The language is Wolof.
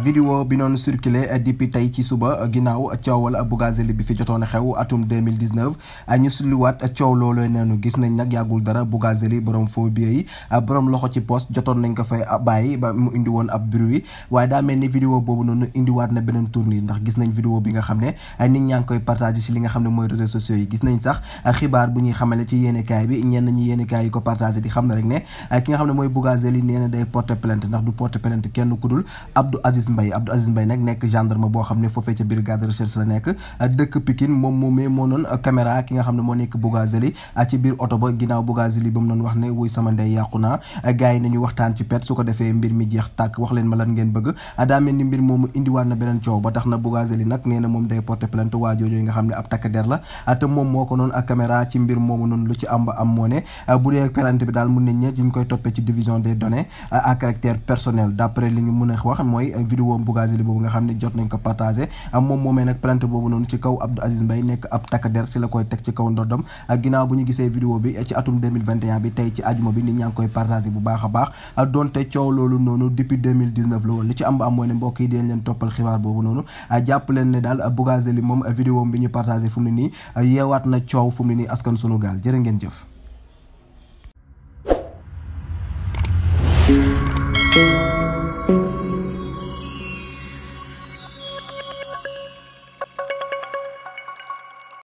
vidéo bi noonu circulé depuis tey ci suba ginnaaw a coowal Bougazelli bi fi jotoon xew atum 2019 ñu sulliwaat coow looloo neenu gis nañ nag yàggul dara Bougazelli borom faux billets yi borom loxo ci poste jotoon nañ ko fay bàyyi ba mu indi woon ab bruit waaye daa mel ni vidéo boobu noonu indiwaat na beneen tournée ndax gis nañ vidéo bi nga xam ne nit ñaa ngi koy partagé ci li nga xam ne mooy réseaux sociaux yi gis nañ sax xibaar bu ñuy xamale ci yéenekaay bi ñenn ñi yéenekaay yi ko partagé di xam ne rek ne ki nga xam ne mooy Bougazelli nee na day porter plainte ndax du porter plainte kenn Aziz Mbaye Abdou nag nekk gendarme boo xam ne foofee ca brigade de la nekk dëkk Pikine moom mu noon moo noonu ak caméra ci mbir moomu noonu lu ci am ba am moo bu dee plainte bi daal mun nañ ne ñu koy toppee ci division des données à caractère personnel d'après li ñu mën a wax mooy mooy vidéo boobu nga xam ne jot nañ ko partagé moom moomee nag plainte boobu noonu ci kaw Abdou Aziz Mbaye nekk ab takk der si la koy teg ci kaw ndoddam ak ginnaaw bu ñu gisee vidéo bi ci atum 2021 bi tey ci ajuma bi nit ñaa koy partagé bu baax a baax donte coow loolu noonu depuis 2019 la woon li ci am ba am mooy ne mbokk yi dinañ leen toppal xibaar boobu noonu jàpp leen ne daal Bougazelli moom vidéo bi ñu partagé fu mu ne nii yeewaat na coow fu mu ne nii askan sunu gaal ngeen jëf